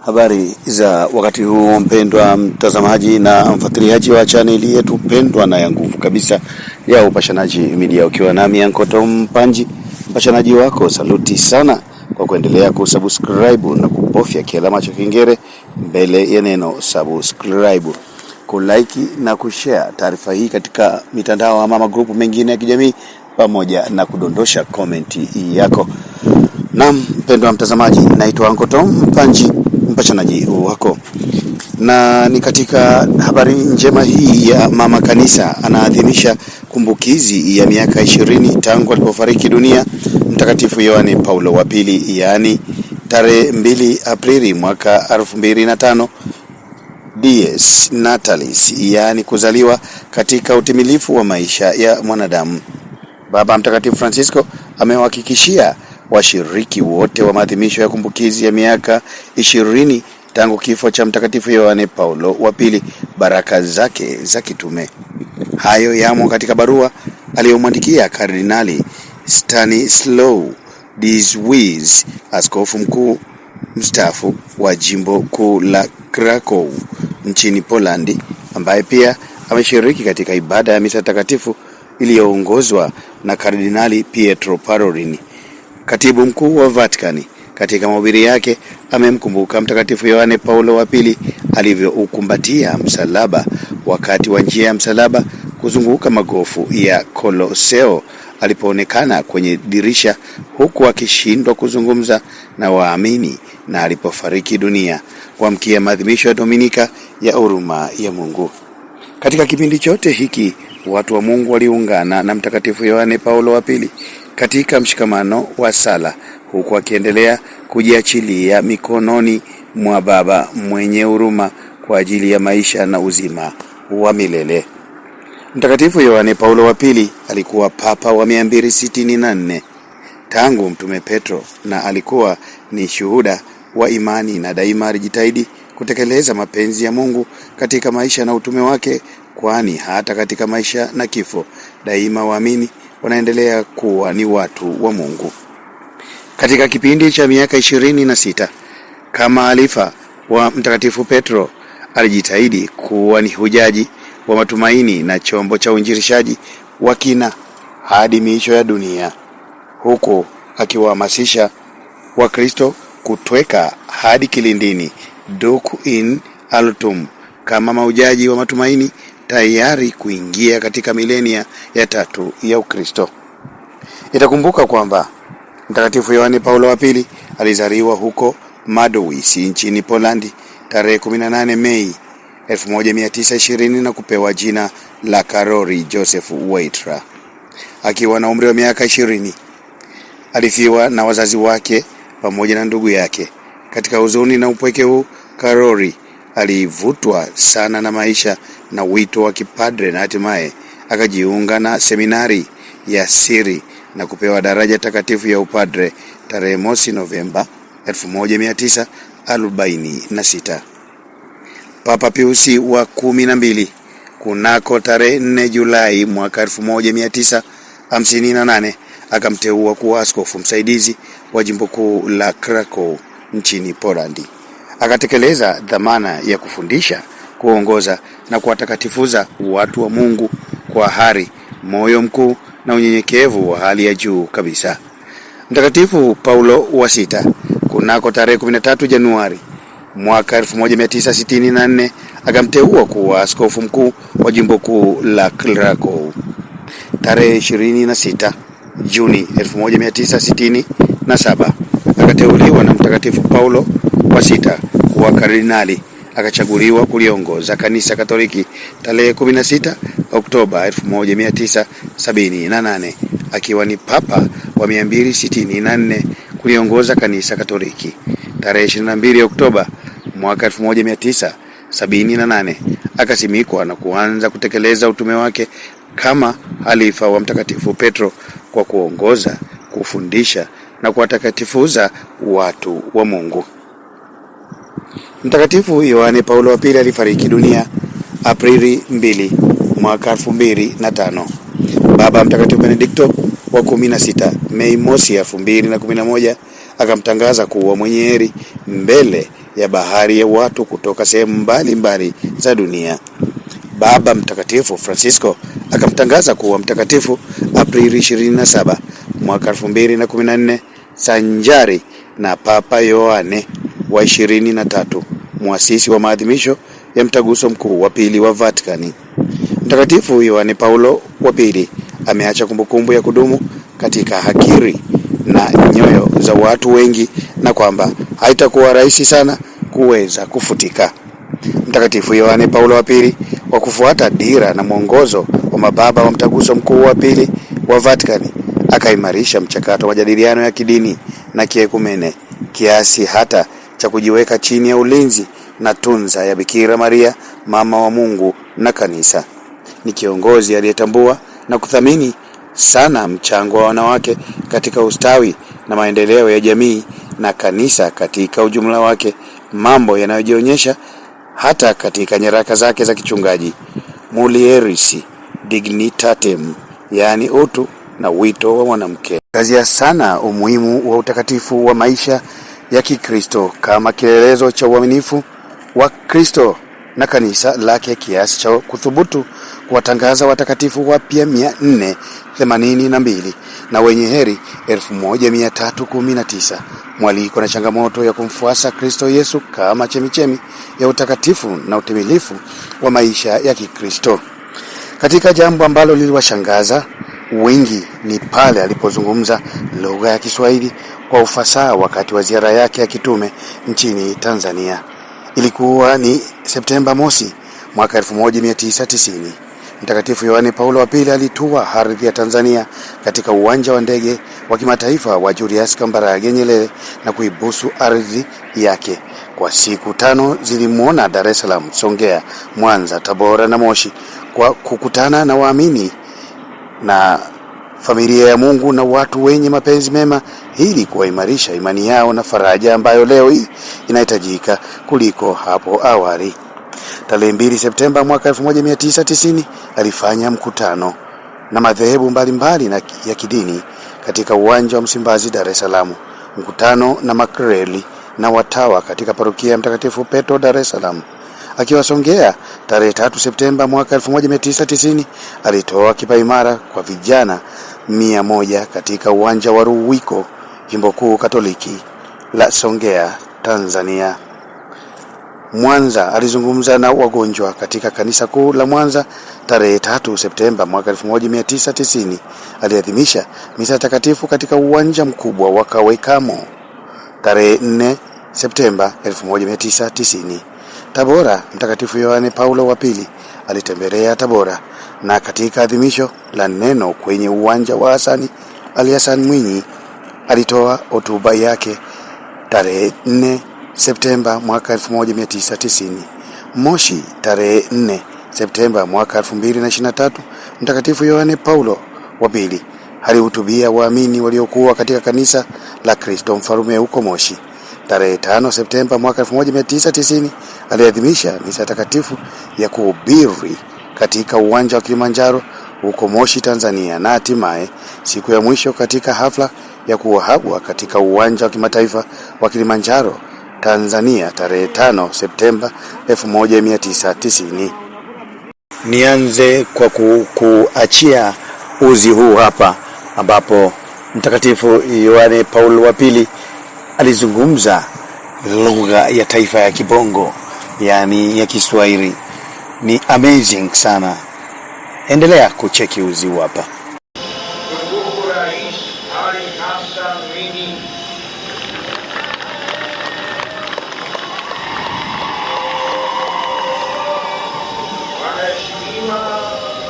Habari za wakati huu mpendwa mtazamaji na mfuatiliaji wa chaneli yetu pendwa na ya nguvu kabisa ya Upashanaji Media, ukiwa nami Ankoto Mpanji, mpashanaji wako. Saluti sana kwa kuendelea kusubscribe na kubofya kialama cha kengele mbele ya neno subscribe, kulike na kushare taarifa hii katika mitandao ama magrupu mengine ya kijamii, pamoja na kudondosha komenti yako. Naam mpendwa mtazamaji, naitwa Ankoto Mpanji mpashanaji wako, na ni katika habari njema hii ya mama kanisa anaadhimisha kumbukizi ya miaka ishirini tangu alipofariki dunia Mtakatifu Yohane Paulo wa Pili, yaani tarehe 2 Aprili mwaka 2005 ds Natalis, yaani kuzaliwa katika utimilifu wa maisha ya mwanadamu. Baba Mtakatifu Francisco amewahakikishia washiriki wote wa maadhimisho ya kumbukizi ya miaka ishirini tangu kifo cha Mtakatifu Yohane Paulo wa Pili, baraka zake za kitume. Hayo yamo katika barua aliyomwandikia Kardinali Stanislaw Diswiz, askofu mkuu mstaafu wa jimbo kuu la Krakow nchini Polandi, ambaye pia ameshiriki katika ibada ya misa takatifu iliyoongozwa na Kardinali Pietro Parolin. Katibu mkuu wa Vatikani katika mahubiri yake amemkumbuka Mtakatifu Yohane Paulo wa pili alivyoukumbatia msalaba wakati wa njia ya msalaba kuzunguka magofu ya Koloseo alipoonekana kwenye dirisha huku akishindwa kuzungumza na waamini na alipofariki dunia kuamkia maadhimisho ya Dominika ya huruma ya Mungu. Katika kipindi chote hiki watu wa Mungu waliungana na Mtakatifu Yohane Paulo wa pili katika mshikamano wa sala huku akiendelea kujiachilia mikononi mwa Baba mwenye huruma kwa ajili ya maisha na uzima wa milele. Mtakatifu Yohane Paulo wa Pili alikuwa papa wa 264 tangu Mtume Petro na alikuwa ni shuhuda wa imani na daima alijitahidi kutekeleza mapenzi ya Mungu katika maisha na utume wake, kwani hata katika maisha na kifo daima waamini wanaendelea kuwa ni watu wa Mungu. Katika kipindi cha miaka ishirini na sita kama alifa wa Mtakatifu Petro alijitahidi kuwa ni hujaji wa matumaini na chombo cha uinjilishaji wa kina hadi miisho ya dunia, huku akiwahamasisha Wakristo kutweka hadi kilindini, duk in altum, kama mahujaji wa matumaini tayari kuingia katika milenia ya tatu ya Ukristo. Itakumbuka kwamba Mtakatifu Yohane Paulo wa pili alizaliwa huko Madowisi nchini Polandi tarehe 18 Mei 1920 na kupewa jina la Karori Joseph Waitra. Akiwa na umri wa miaka ishirini alifiwa na wazazi wake pamoja na ndugu yake. Katika huzuni na upweke huu, Karori alivutwa sana na maisha na wito wa kipadre na hatimaye akajiunga na seminari ya siri na kupewa daraja takatifu ya upadre tarehe mosi Novemba 1946. Papa Piusi wa kumi na mbili kunako tarehe 4 Julai mwaka 1958 akamteua kuwa askofu msaidizi wa jimbo kuu la Krakow nchini Polandi. Akatekeleza dhamana ya kufundisha kuongoza na kuwatakatifuza watu wa Mungu kwa hari, moyo mkuu na unyenyekevu wa hali ya juu kabisa. Mtakatifu Paulo wa Sita kunako tarehe 13 Januari mwaka 1964 akamteua kuwa askofu mkuu wa jimbo kuu la Krakow. Tarehe 26 Juni 1967 akateuliwa na Mtakatifu Paulo wa Sita kuwa kardinali akachaguliwa kuliongoza kanisa Katoliki tarehe 16 Oktoba 1978 akiwa ni papa wa 264 kuliongoza kanisa Katoliki. Tarehe 22 Oktoba mwaka 1978 akasimikwa na kuanza kutekeleza utume wake kama halifa wa Mtakatifu Petro kwa kuongoza, kufundisha na kuwatakatifuza watu wa Mungu. Mtakatifu Yohane Paulo wa Pili alifariki dunia Aprili 2 mwaka 2005. Baba Mtakatifu Benedikto wa 16 Mei mosi 2011 akamtangaza kuwa mwenye heri mbele ya bahari ya watu kutoka sehemu mbalimbali za dunia. Baba Mtakatifu Francisco akamtangaza kuwa mtakatifu Aprili 27 mwaka 2014 sanjari na Papa Yohane wa 23 mwasisi wa maadhimisho ya mtaguso mkuu wa pili wa Vatikani. Mtakatifu Yohane Paulo wa pili ameacha kumbukumbu ya kudumu katika hakiri na nyoyo za watu wengi na kwamba haitakuwa rahisi sana kuweza kufutika. Mtakatifu Yohane Paulo wa pili, kwa kufuata dira na mwongozo wa mababa wa mtaguso mkuu wa pili wa Vatikani, akaimarisha mchakato wa majadiliano ya kidini na kiekumene kiasi hata cha kujiweka chini ya ulinzi na tunza ya Bikira Maria mama wa Mungu na kanisa. Ni kiongozi aliyetambua na kuthamini sana mchango wa wanawake katika ustawi na maendeleo ya jamii na kanisa katika ujumla wake, mambo yanayojionyesha hata katika nyaraka zake za kichungaji Mulieris Dignitatem, yaani utu na wito wa mwanamke. Kazia sana umuhimu wa utakatifu wa maisha ya Kikristo kama kielelezo cha uaminifu wa Kristo na kanisa lake kiasi cha kuthubutu kuwatangaza watakatifu wapya 482 na mbili na wenye heri 1319. Mwaliko na changamoto ya kumfuasa Kristo Yesu kama chemichemi ya utakatifu na utimilifu wa maisha ya Kikristo. Katika jambo ambalo liliwashangaza wengi ni pale alipozungumza lugha ya Kiswahili kwa ufasaha wakati wa ziara yake ya kitume nchini Tanzania. Ilikuwa ni Septemba mosi mwaka 1990. Mtakatifu Yohane Paulo wa pili alitua ardhi ya Tanzania katika uwanja wa ndege wa kimataifa wa Julius Kambarage Nyerere na kuibusu ardhi yake kwa siku tano. Zilimwona Dar es Salaam, Songea, Mwanza, Tabora na Moshi kwa kukutana na waamini na familia ya Mungu na watu wenye mapenzi mema ili kuwaimarisha imani yao na faraja ambayo leo hii inahitajika kuliko hapo awali. Tarehe 2 Septemba mwaka 1990 alifanya mkutano na madhehebu mbalimbali na ya kidini katika uwanja wa Msimbazi, Dar es Salaam, mkutano na makreli na watawa katika parokia ya Mtakatifu Petro, Dar es Salaam. Akiwasongea tarehe 3 Septemba mwaka 1990 alitoa kipaimara kwa vijana mia moja katika uwanja wa Ruwiko, jimbo kuu katoliki la Songea, Tanzania. Mwanza alizungumza na wagonjwa katika kanisa kuu la Mwanza tarehe 3 Septemba mwaka 1990. Aliadhimisha misa takatifu katika uwanja mkubwa wa Kawekamo tarehe 4 Septemba 1990. Tabora, Mtakatifu Yohane Paulo wa pili alitembelea Tabora na katika adhimisho la neno kwenye uwanja wa Hasani Ali Hassan Mwinyi alitoa hotuba yake tarehe 4 Septemba mwaka 1990. Moshi tarehe 4 Septemba mwaka 2023, Mtakatifu Yohane Paulo wa pili alihutubia waamini waliokuwa katika kanisa la Kristo Mfarume huko Moshi. Tarehe 5 Septemba mwaka 1990 aliadhimisha misa takatifu ya kuhubiri katika uwanja wa Kilimanjaro huko Moshi, Tanzania, na hatimaye siku ya mwisho katika hafla ya kuwahabwa katika uwanja wa kimataifa wa Kilimanjaro, Tanzania, tarehe 5 Septemba 1990. Nianze kwa ku, kuachia uzi huu hapa ambapo Mtakatifu Yohane Paulo wa pili alizungumza lugha ya taifa ya Kibongo, yaani ya Kiswahili ni amazing sana. Endelea kucheki uzi hapa. Mheshimiwa Rais Ali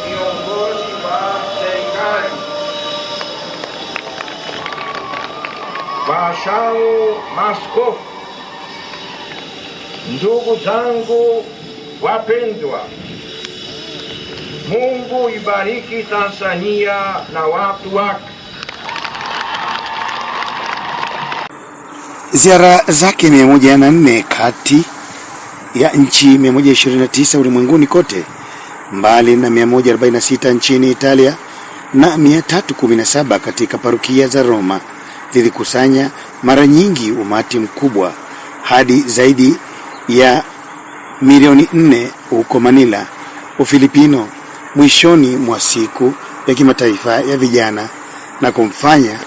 viongozi wa serikali, maskofu, ndugu zangu Wapendwa, Mungu ibariki Tanzania na watu wake. Ziara zake 104 kati ya nchi 129 ulimwenguni kote, mbali na 146 nchini Italia na 317 katika parukia za Roma, zilikusanya mara nyingi umati mkubwa hadi zaidi ya milioni nne huko Manila, Ufilipino, mwishoni mwa siku ya kimataifa ya vijana na kumfanya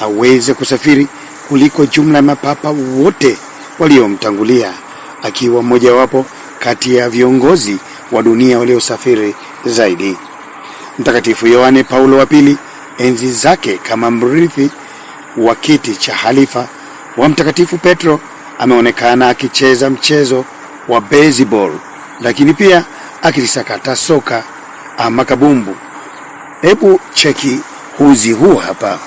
aweze kusafiri kuliko jumla ya mapapa wote waliomtangulia, akiwa mmojawapo kati ya viongozi wa dunia waliosafiri zaidi. Mtakatifu Yohane Paulo wa Pili, enzi zake kama mrithi wa kiti cha halifa wa Mtakatifu Petro, ameonekana akicheza mchezo wa baseball, lakini pia akilisakata soka ama kabumbu. Hebu cheki huzi huu hapa.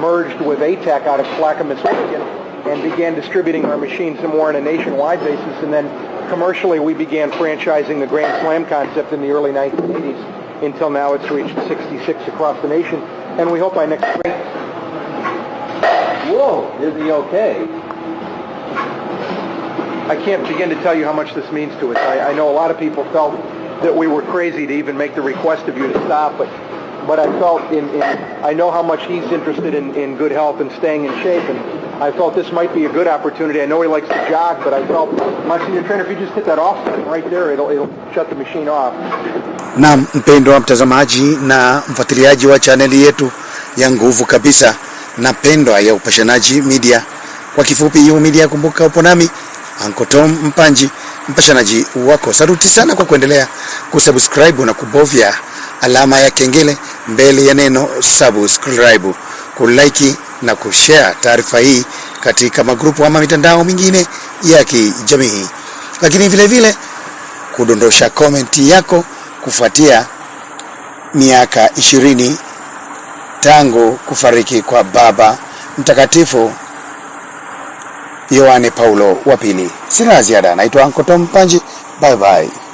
Merged with ATAC out of Clackamas, Michigan, and began distributing our machines more on a nationwide basis. And then commercially, we began franchising the Grand Slam concept in the early 1980s. Until now, it's reached 66 across the nation, and we hope by next spring is he okay? I can't begin to tell you how much this means to us. I, I know a lot of people felt that we were crazy to even make the request of you to stop, but but I felt in, in I know how much he's interested in, in good health and staying in shape, and I felt this might be a good opportunity. I know he likes to jog, but I felt my senior trainer, if you just hit that off button right there, it'll, it'll shut the machine off. Na mpendwa mtazamaji na mfuatiliaji wa chaneli yetu ya Nguvu Kabisa na pendwa ya Upashanaji Media. Kwa kifupi U Media, kumbuka upo nami Uncle Tom Mpanji, mpashanaji wako. Saruti sana kwa kuendelea kusubscribe na kubovya alama ya kengele mbele ya neno subscribe, kulike na kushare taarifa hii katika magrupu ama mitandao mingine ya kijamii, lakini vile vile kudondosha komenti yako kufuatia miaka ishirini tangu kufariki kwa Baba Mtakatifu Yohane Paulo wa Pili. Sina ziada. Naitwa Ankotom Panji. Mpanji. Bye bye.